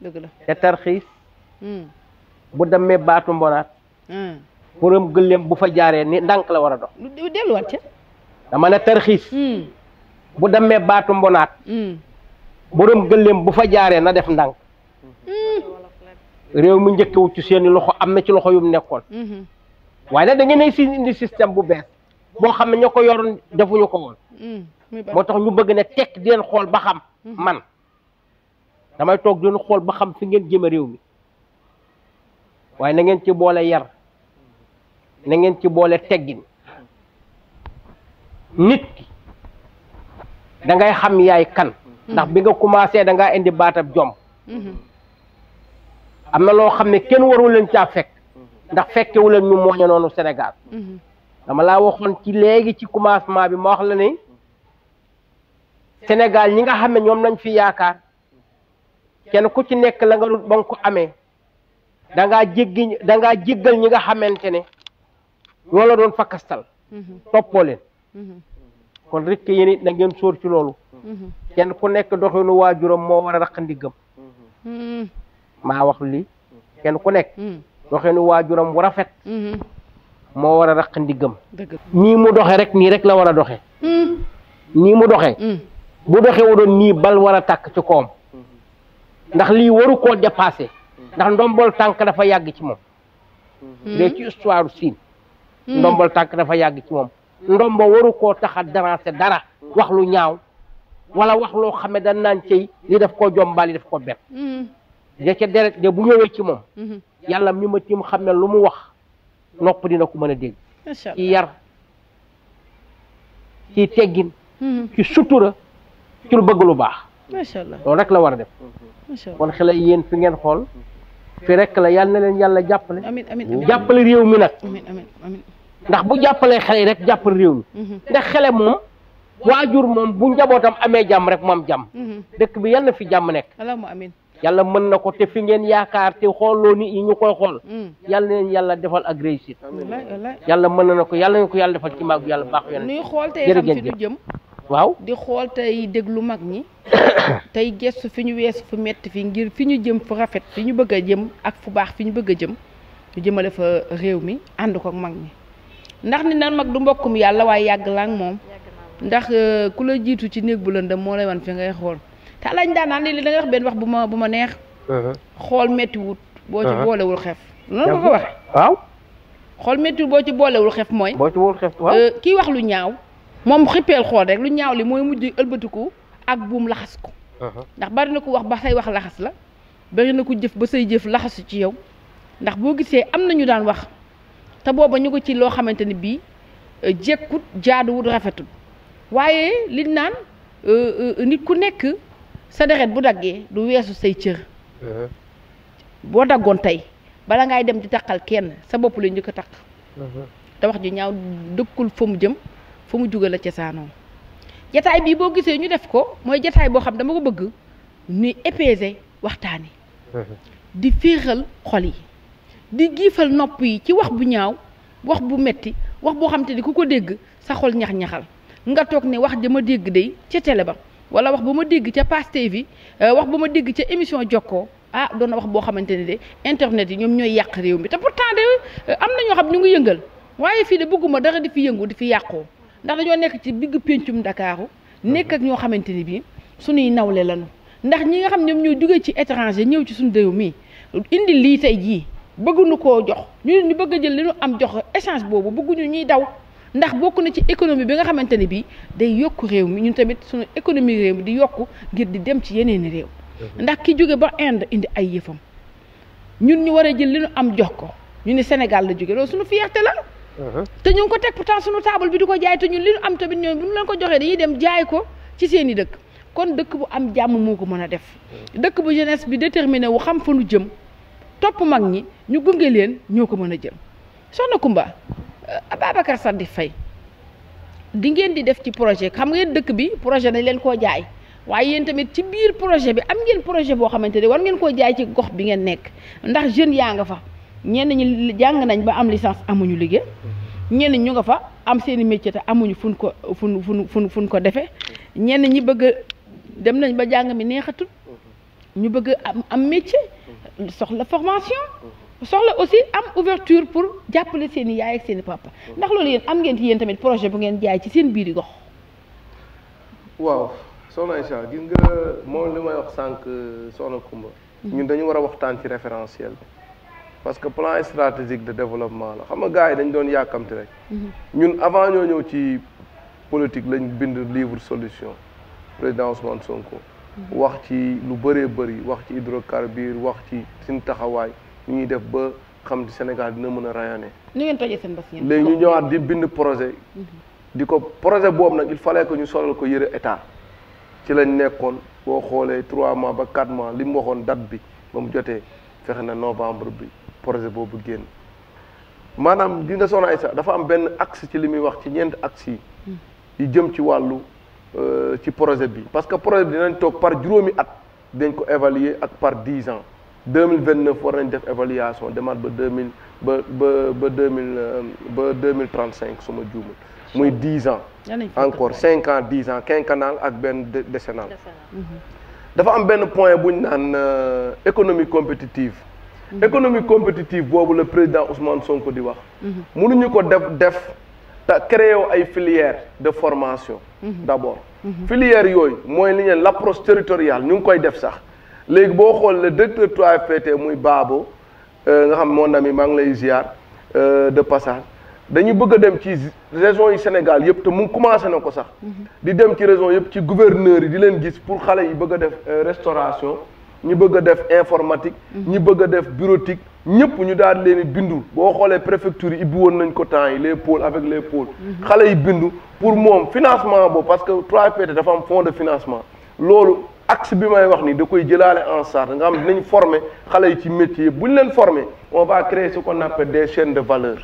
dëgg la te tarxiis hmm. bu demee baatu mbonaat hmm. borom gëléem bu fa jaaree ni ndànk la war a dox lu delluwaat ca dama ne tarxiis hmm. bu demee baatu mbonaat borom gëléem bu fa jaaree na def ndànk réew mu njëkkewu ci seeni loxo am na ci loxo yum nekkoon waaye nag da ngeen si bu bees boo xam ne ñoo ko yoroon defuñu ko woon moo tax ñu bëgg ne tekk di xool ba xam man damay toog doon xool ba xam fi ngeen jëme réew mi waaye na ngeen ci boole yar na ngeen ci boole teggin nit dangay xam yaay kan ndax bi nga commencé da ngaa indi baatab jom am na loo xam ne kenn waru leen caa fekk ndax fekkewu leen ñu mooñe noonu senegal dama laa waxoon ci léegi ci commencement bi ma wax la ne Sénégal ñi nga xam ne ñoom lañ fi yaakaar kenn ku ci nek la nga dul ba ko amee da nga jéggi da nga jigal ñi nga xamantene wala doon fakastal mhm. toppoo leen mhm. kon rek yéen it na ngeen soor ci lolu mhm. kenn ku nek doxinu waajuram moo war a wax li kenn ku doxinu wajuram bu rafet mo wara rak ndigam ni mu doxé rek ni rek la wara doxé ni mu doxé bu doxewu doon ni bal wara tak ci kom ndax lii waru koo dépassé ndax ndombol tànk dafa yàgg ci moom léegi hmm. ci histoire siin hmm. ndombol tànk dafa yàgg ci moom ndombo waru koo tax a dara wax lu ñaaw walla wax loo xam ne dañ naan cey li daf koo jombal li daf ko bet hmm. da ca deret de bu ñëwee ci moom yàlla mi ma tim xam ne lu mu wax nopp dina ko mën a dégg ci yar ci teggin ci sutura ci lu bëgg lu baax macha allah loolu rek la war a def. macha allah kon xale yéen fi ngeen xool. fi rek la yal na leen yàlla jàppale. amiin amiin jàppale réew mi nag. amiin amiin amiin ndax bu jàppalee xale yi rek jàppal réew mi. Mhm. ndax xale moom. waajur moom bu njabootam amee jàmm rek moom jàmm. Mhm. dëkk bi yal na fi jàmm nekk. allahumma amiin yàlla mën na ko te fi ngeen yaakaar te xooloo nit yi ñu koy xool. Mhm. yàlla na leen yàlla defal ak réussite. yàlla mën na ko yàlla na ko yàlla defal ci màgg yàlla baax yoon. nuy xool te xam fi du jëm waaw di xool tey déglu mag ñi tey gestu fi ñu weesu fu metti fi ngir fi ñu jëm fu rafet fi ñu bëgg a jëm ak fu baax fi ñu bëgg a jëm ñu jëmale fa réew mi ànd ko ak mag ñi ndax ni nan mag du mbokkum yàlla waaye yàgg la ak moom ndax euh, ku la jiitu ci néeg bu lëndëm moo lay wan fi ngay xool te alañ daan naan li da wax benn wax bu ma bu ma neex uh-huh. xool metti boo ci uh-huh. boolewul xef noonu ko ko waxe waaw xool metti boo ci boolewul xef mooy boo ci euh, kii wax lu ñaaw moom xippeel xool rek lu ñaaw li mooy mujj ëlbatiku ak buum laxas ko uh-huh. ndax bari na ko wax ba say wax laxas la bari na ko jëf ba say jëf laxasu ci yow ndax boo gisee am na ñu daan wax te booba ñu ko ci loo xamante ni bii euh, jekkut jaaduwut rafetul waaye liñ naan euh, euh, nit ku nekk sa deret bu daggee du weesu say cër uh-huh. boo daggoon tey bala ngay dem di taqal kenn sa bopp la njëkk a taq uh-huh. te wax ju ñaaw dëkkul fa mu jëm fa mu jugal la cosaanoo jataay bi bo gisee ñu def ko moy jataay bo xam dama ko bëgg ni épaiser waxtani mm-hmm. di féexal xol yi di giifal nopp yi ci wax bu ñaaw wax bu metti wax bo xam te ni dégg sa xol ñax-ñaxal nga tok ne wax dama dégg day ci télé ba wala wax ba dégg ci Pass TV euh, wax ba dégg ci émission joko ah doona wax bo xamanteni de internet yi ñom ñoy yaq réew mi te pourtant de euh, am na ñoo xam ñu ngi yëngal waye fi de bëgguma dara di fi yëngu di fi yaqoo ndax dañoo nekk ci bigg péncum ndakaaru nekk ak ñoo xamante ni bii suñuy nawle lañu ndax ñi nga xam ñoom ñoo jógee ci étranger ñëw ci suñu réew mii indi lii tey jii bëgguñu koo jox ñu ñu bëgg a jël li ñu am jox échange boobu bëgguñu ñuy daw ndax bokk na ci économie bi nga xamante ne bii day yokk réew mi ñun tamit suñu économie réew di yokk ngir di dem ci yeneen i réew ndax ki jóge ba Inde indi ay yëfam ñun ñu war a jël li am jox ko ñu ne Sénégal la jóge loolu suñu fierté la Uh-huh. te ñu ko teg pourtant suñu taabal bi di ko jaay te ñun li ñu am tamit ñoom bu ñu leen ko joxee dañuy dem jaay ko ci seen i dëkk kon dëkk bu am jàmm moo ko mën a def uh-huh. dëkk bu jeunesse bi déterminé wu xam fa nu jëm topp mag ñi ñu gunge leen ñoo ko mën a jëm soxna Kumba euh, Ababacar Saddi fay di ngeen di def ci projet xam ngeen dëkk bi projet dañ leen koo jaay waaye yéen tamit ci biir projet bi am ngeen projet boo xamante ne war ngeen koo jaay ci gox bi ngeen nekk ndax jeunes yaa nga fa ñenn ñi jàng nañ ba am licence amuñu liggéey ñenn ñu nga fa am seen i métier te amuñu fuñ ko fuñ fuñ fuñ ko defee ñenn ñi bëgg dem nañ ba jàng mi neexatul ñu bëgg am am métier soxla formation soxla aussi am ouverture pour jàppale seen yaay ak seen i ndax loolu yéen am ngeen ci yéen tamit projet bu ngeen jaay ci seen biir yi gox. waaw soxna Aïcha gis nga moom li may wax sànq soxna Kumba. Mm-hmm. ñun dañu war a waxtaan ci référentiel bi. parce que plan stratégique de développement la xam nga gars yi dañ doon yàkkamti rek. Mhm. ñun avant ñoo ñëw ci politique lañ bind livre solution président Ousmane Sonko. Mhm. wax ci lu bëree bëri wax ci hydrocarbure wax ci suñu taxawaay ñu ñuy def ba xam di Sénégal dina mën a rayonner. ni ngeen tojee seen bés léegi ñu ñëwaat di bind projet. Mhm. di ko projet boobu nag il fallait que ñu solal ko yëre état ci lañ nekkoon boo xoolee trois mois ba quatre mois li mu waxoon date bi ba mu jotee fexe na novembre bi projet ce génn maanaam di nga un Aïssa dafa am ben axe ci limi axe yi euh, projet parce que projet par at évaluer par dix ans 2029, mille vingt def évaluation ba ans encore 5 ans 10 ans canal ak ben décennal dafa am ben point buñ l'économie euh, économie compétitive Mm-hmm. économie compétitive boobu la président Ousmane Sonko di wax. mënuñu mm-hmm. ko def def créer créé ay filières de formation. Mm-hmm. d'abord. filière filières c'est l'approche li territoriale ñu devons koy def sax léegi boo le directeur 3FPT muy Babo, euh, nga xam mon ami maa euh, de passage dañu bëgg aller dem ci régions du Sénégal yëpp te mu commencé na faire sax. di dem ci région yëpp ci gouverneur, yi di leen gis pour xale yi bëgg des def euh, restauration. ñu bëgg a def informatique mm-hmm. ñu bëgg a def bureautique ñëpp ñu daal leen di bindu boo xoolee préfecture yi ibbi woon nañ ko temps yi les pôles avec les pôles mm-hmm. xale yi bindu pour moom financement boobu parce que 3PT dafa am fonds de financement loolu axe bi may wax nii da koy jëlaale en charge nga xam nañu former xale yi ci métier bu leen former on va créer ce qu'on appelle des chaînes de valeur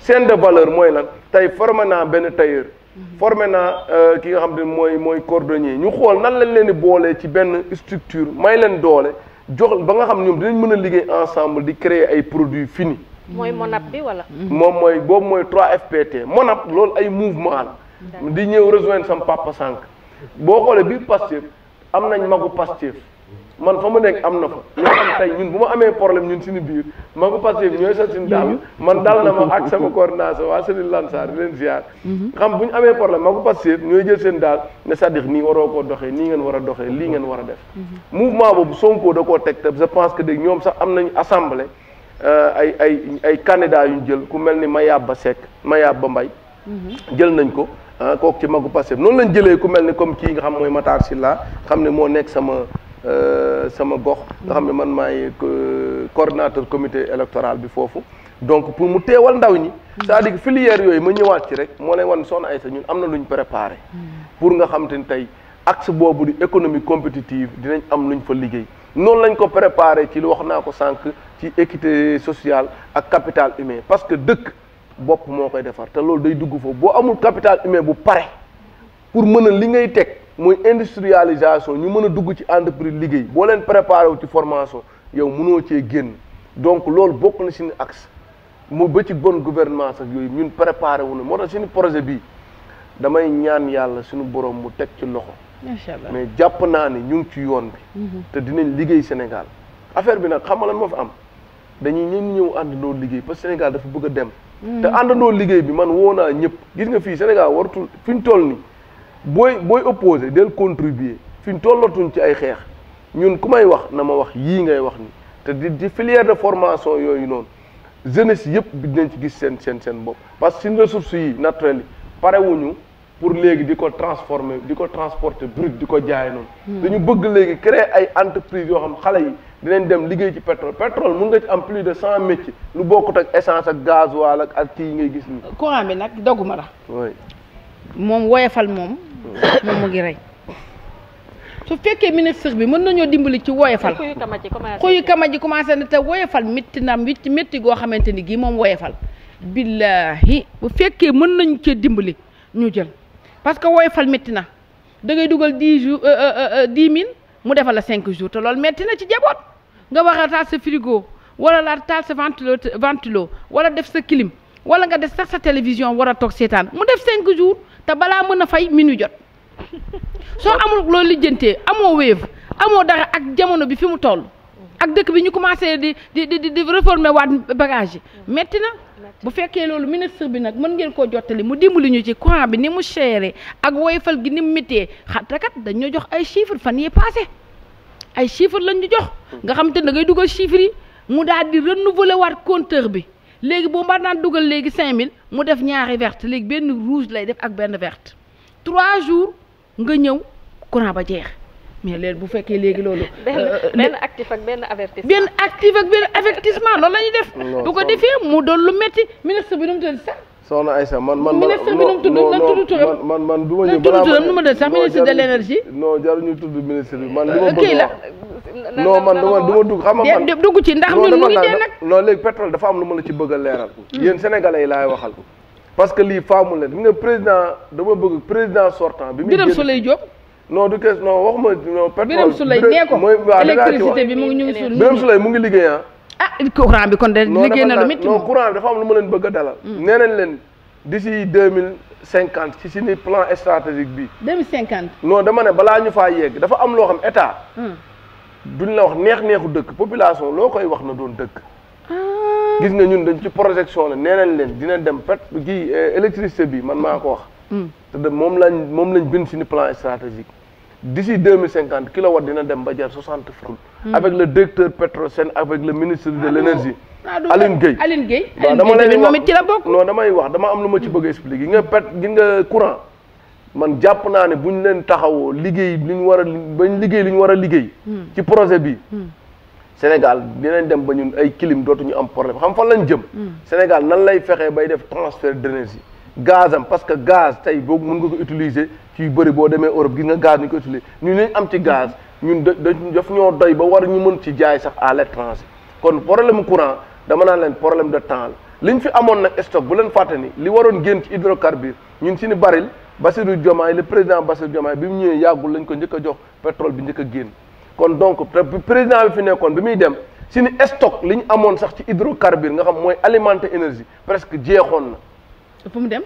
chaîne de valeur mooy lan tey former naa benn tailleur Mhm. formé naa euh, ki nga xam ne mooy mooy cordonnier ñu xool nan lañ leen di boolee ci benn structure may leen doole jox ba nga xam ñoom danañ mën a liggéey ensemble di créer ay produits finis. mooy monap bi wala. Mhm. moom mooy boobu mooy 3FPT monap loolu ay mouvement la. di ñëw rejoindre sam papa sànq. boo xoolee biir Pastef am nañ magu Pastef. man fa ma nekk am na fa ñoo xam tey ñun bu ma amee problème ñun suñu biir ma ko passé ñooy sa suñu daal man dal na ma ak sama coordination waa lan Lansar di leen ziar mhm. xam bu ñu amee problème ma ko passé ñooy jël seen daal ne Sadikh nii waroo koo doxee nii ngeen war a doxee lii ngeen war a def mhm. mouvement boobu Sonko da koo teg te je pense que dégg ñoom sax am nañu assemblée euh, ay ay ay candidats yu ñu jël ku mel ni Mayaba Seck Mayaba Mbaye mhm. jël nañ ko ah, kooku ci magu passé noonu lañ jëlee ku mel ni comme kii nga xam mooy Matar Sylla xam ne moo nekk sama Euh, sama gox nga xamni man maay euh, coordinateur comité électoral bi fofu donc pour mu téwal ndaw ñi c'est-à-dire filière yoy ma ñëwaat ci rek mo lay son ay sa ñun amna luñu préparer pour nga xam tane tay axe bobu di économie compétitive dinañ am luñ fa liggéey Non lañ ko préparer ci li wax naa ko sànq ci équité sociale ak capital humain parce que deuk bop mo koy défar té lool day dugg foofu bo amul capital humain bu paré pour mëna li ngay teg muy industrialisation ñu mën a dugg ci entreprise liggéey boo leen préparé wu ci formation yow mënoo cee génn donc loolu bokk na suñu axe mu ba ci bonne gouvernance ak yooyu ñun préparé wu na moo tax projet bii damay ñaan yàlla suñu borom mu teg ci loxo. incha allah mais jàpp naa ne ñu ngi ci yoon bi. Mm-hmm. te dinañ liggéey Sénégal affaire bi nag xam nga lañ moo fi am dañuy ñenn ñëw àndandoo liggéey parce que Sénégal dafa bëgg a dem. Mm-hmm. te àndandoo liggéey bi man woo naa ñëpp gis nga fii Sénégal warutul fi ñu toll nii. boy booy opposé del contribuer fiñ mu ci ay xeex ñun kumay wax na ma wax yi ngay wax ni té di filière de formation yooyu noonu jeunesse yépp bi dinañ ci gis sen sen sen bopp parce que ressources yi naturelles paré wuñu pour légui diko transformer diko transporter brut diko jaay noonu hmm. dañu bëgg légui créer ay entreprise yo xam xalé yi dinañ dem liggéey ci pétrole pétrole mun nga ci am plus de 100 métiers lu bokkut ak essence ak gasoil ak ak ti ngay gis ni courant bi nak doguma la moom woyofal mom moom mu ngi rey su fekkee ministre bi mën nañoo dimbali ci woyefal xuyu kama ji commencé na te woyefal métti na métti métti goo xamante ni gii moom woyefal billaahi bu fekkee mën nañ cee dimbali ñu jël parce que woyefal métti na da ngay dugal dix jours euh, euh, euh, dix mille mu defal la cinq jour te loolu métti na ci jaboot nga war a taal sa frigo wala la taal sa ventilo ventilo wala def sa clim wala nga def sax sa télévision war a toog seetaan mu def cinq te balaa mën a fay minuit jot soo amul loolu lijjantee amoo wéef amoo dara ak jamono bi fi mu toll ak dëkk bi ñu commencé di di di di réformer waat bagage yi metti na bu fekkee loolu ministre bi nag mën ngeen koo jottali mu dimbali ñu ci courant bi ni mu chéré ak woyfal gi ni mu méttee xattakat dañu jox ay chiffres fan yi passé ay chiffres lañ ñu jox nga xam te da dugal chiffres yi mu daal di renouveler waat conteur bi léegi boo mbar naan dugal léegi cinq mille mu def ñaari verte rouge lay def ak verte trois jours nga courant ba mais bu fekkee euh, actif ak benn avertissement actif ak avertissement def. bu ko mu lu metti ministre bi soxna Aïssa man man ministre bi nu mu tudd na tudd turam man man du ma ñu. balaa ma nu ma tudd sax ministre de l' énergie. non man. li a wax man du ma dugg xam nga man dugg ci ndax ñun mu ngi dee nag. non léegi pétrole dafa am lu ma la ci bëgg a leeral. yéen sénégalais yi laay waxal. parce que lii faamu leen nga président dama bëgg président sortant. bi muy génn Birame Souleye Diop. non du kees non waxuma non. pétrole bi mu ngi ñu ngi. Birame mu ngi liggéey ah. ah courant bi kon de liggéey na lu métti non courant bi dafa am lu ma leen bëgg dalal hmm. nee nañ leen d'ici deux mille cinquante ci suñu plan stratégique bi deux mille cinquante non dama ne balaa ñu faa yéeg dafa am loo xam état hmm. duñ la wax neex neexu dëkk population loo koy wax na doon dëkk ah. gis nga ñun dañ ci projection la nee leen dina dem pet gi électricité bi man maa ko wax hmm. te moom lañ moom lañ bind suñu plan stratégique d'ici deux mille cinquante kilowatt dina dem ba jar soixante francs hmm. avec le directeur Petrosen avec le ministre de ah, l'énergie ah, Aline Gueye Aline moom it ci la bokk non damay wax dama am lu ma ci bëgg a expliquer nga pet gi nga courant man jàpp naa ne bu ñu leen taxawoo liggéey li ñu war a bañ liggéey li ñu war a liggéey hmm. ci projet bi hmm. Sénégal dinañ dem ba ñun ay clim dootuñu am problème xam fan lañ jëm Sénégal nan lay fexee bay def transfert d'énergie gazam parce que gaz tay bo mën nga ko utiliser ci bëri bo demee Europe gis nga gaz ni ko utiliser ñu lañ am ci gaz ñun da daf ñoo doy ba war ñu mën ci jaay sax à l'étranger kon problème courant dama naan leen problème de temps liñ fi amone nak stock bu leen faté ni li waron génn ci hydrocarbure ñun ci ni baril Bassirou Diomaye le président Bassirou Diomaye bimu ñëwé yagul lañ ko njëkk jox pétrole bi njëkk a kon donc président bi fi nekkoon bi dem ci ni stock liñ amone sax ci hydrocarbure nga xam moy alimenter énergie presque jeexoon na fu mu dem.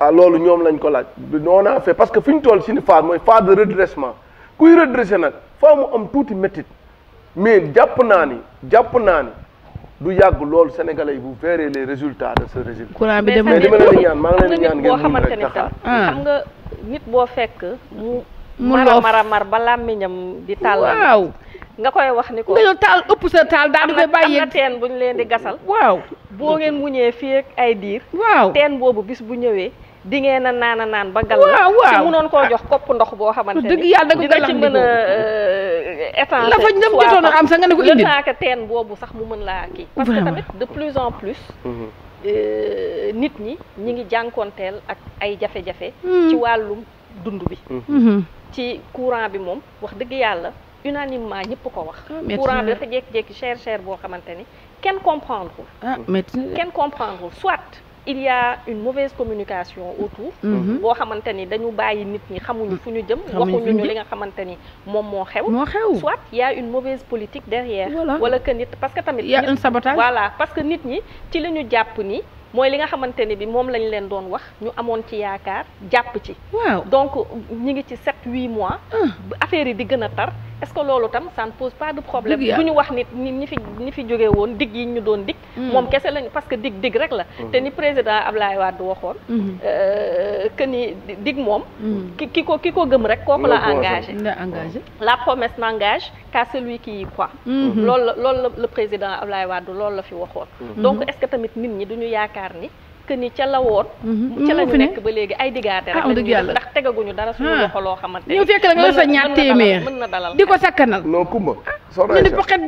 ah loolu ñoom lañ ko laaj on a fait parce que fi ñu toll si ni phase mooy phase de redressement kuy redressé nag faa mu am tuuti métit mais jàpp naa ni jàpp naa ni du yàgg loolu sénégalais yi bu verrez les résultat de ce régime. courant mais li ma leen ñaan maa ngi leen di ñaan ngeen mun rek taxaar ah. xam nga nit boo fekk mu. mu mara mara mar ba làmmiñam di tàllal waaw. nga koy wax ni ko nga yow taal ëpp sa taal daal di koy bàyyi am na teen buñ leen di gasal waaw boo ngeen muñee fii ak ay diir waaw teen boobu bis bu ñëwee di ngeen a naan a naan ba gal waaw waaw mu noon koo jox kopp ndox boo xamante ni dëgg yàlla dëgg dina ci mën a étendre dafa dem jotoon am sax nga ne ko indi le temps que teen boobu sax mu mën laa kii parce que tamit de plus en plus mhm. euh, nit ñi ñi ngi jànkoonteel ak ay jafe-jafe hmm. ci wàllum dund bi mhm. Mhm. ci courant bi moom wax dëgg yàlla unanimement ñëpp ko wax. Ah, courant bi dafa jékki-jékki cher cher boo xamante ni kenn comprendre ko. ah kenn comprendre soit il y a une mauvaise communication autour. Mm-hmm. boo xamante ni dañu bàyyi nit ñi xamuñu mm-hmm. fu ñu jëm. waxuñu ñu li nga xamante ni moom moo xew. moo xew soit il y a une mauvaise politique derrière. wala que nit parce que tamit. il un sabotage voilà parce que nit ñi ci li ñu jàpp ni. mooy li nga xamante ni bi moom lañ leen doon wax ñu amoon ci yaakaar jàpp ci. waaw donc ñi ngi ci 7 8 mois. Ah. affaire yi di gën a tar est-ce que loolu tam ça ne pose pas de problème du wax nit ni fi ni fi jóge won dig yi ñu doon dig mom mm. kessé lañ parce que dig dig rek la mm-hmm. té ni président Ablaye waxone mm-hmm. euh que ni dig mom mm-hmm. kiko kiko gëm rek kooku la engagé la promesse n'engage qu'à celui qui y croit loolu la le président Ablaye Wade loolu la fi waxone donc est-ce que tamit nit ñi duñu yaakaar ni que ni ca la woon. Mhm. ca la ñu nekk ba léegi ay digaate rek. ah dëgg yàlla ndax tegaguñu dara suñu ah. loxo loo xamante ni. ñu fekk la nga sa ñaar téeméer mën na dalal di ko sakkanal. non kumba soxna di poqet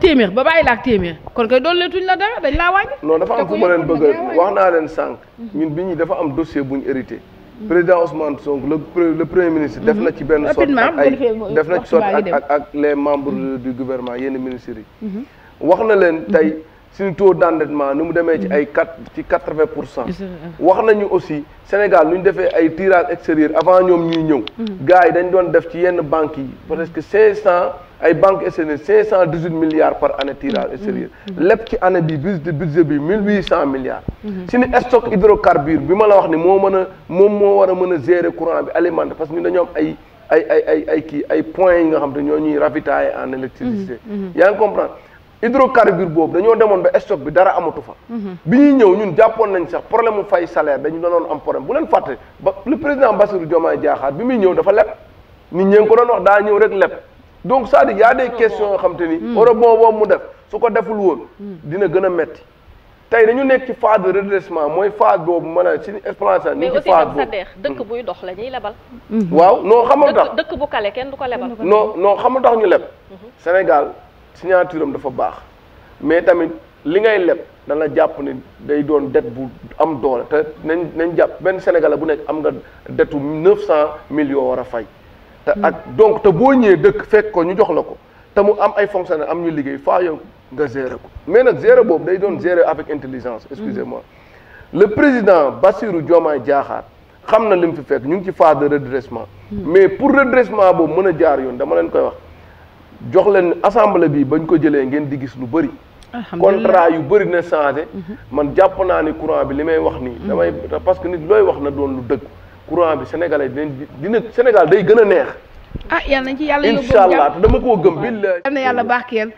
téeméer ba bàyyi la ak téeméer kon kay dooleetuñ la dara dañ laa wàññi. non dafa am ku mhm. dossier bu ñu hérité. président Ousmane Sonko le le premier ministre. def mhm. na ci benn sorte ak ay def na ci sorte ak ak les membres du gouvernement yenn ministres yi. wax na leen tey si nous taux d'endettement, nous sommes à 80 Nous avons aussi, au Sénégal, nous avons fait un tirage extérieur avant nous. Les gens ont fait une banque banques, parce que 500, les banques SNS, 518 milliards par année tirage mm-hmm. extérieur. Mm-hmm. L'EPTI mm-hmm. a un budget de 1800 milliards. Si nous avons un stock d'hydrocarbures, nous avons dit que nous avons zéro courant alimentaire, parce que nous avons fait des points qui nous ont ravitaillés en électricité. Vous comprenez hydrocarbure boobu dañoo demoon ba stock bi dara amatu fa. Mhm. bi ñuy ñëw ñun jàppoon nañ sax problème mu fay salaire dañu doon am problème bu leen fàtte ba le président Bassirou Diomaye Diakhar bi muy ñëw dafa leb nit ñee ko doon wax daa ñëw rek leb donc c'est-à-dire y a yoo xam te ni. Mhm. rebond boobu mu def su ko deful woon. Mhm. dina gën a metti tey dañu nekk ci phase de redressement mooy phase boobu mën a ci explanation. ñu ci phase boobu mais aussi sa dëkk buy dox la ñuy waaw non xamul tax dëkk bu kale kenn du ko lebal. non non xamul tax ñu leb. Sénégal. signature dafa bax mais tamit li ngay lepp na la jàpp ni day doon dette bu am doole te nañ nañ ben benn sénégalais bu nek am nga dettu 900 millions wara fay te hmm. ak donc te bo ñëw dekk fekk ko ñu jox la ko te mu am ay fonctionnaire am ñu liggéey fa yow nga gérer ko mais nak gérer bob day doon gérer avec intelligence excusez-moi hmm. le président Bassirou Diomaye Diakhar xam na li fi fekk ñu ngi ci phase de redressement hmm. mais pour redressement boobu mën jaar yoon dama leen koy wax jox leen assemblée bi bañ ko jëlee ngeen di gis lu bëri. contrat yu bëri na changé. Mhm. man jàpp naa ni courant bi li may wax nii. damay mhm. parce que nit looy wax na doon lu dëgg. courant bi sénégalais dinañ dina Sénégal day gën a neex. ah yal nañ ci yàlla yóbbu incha allah te dama koo gëm. billahi yal na yàlla baax kenn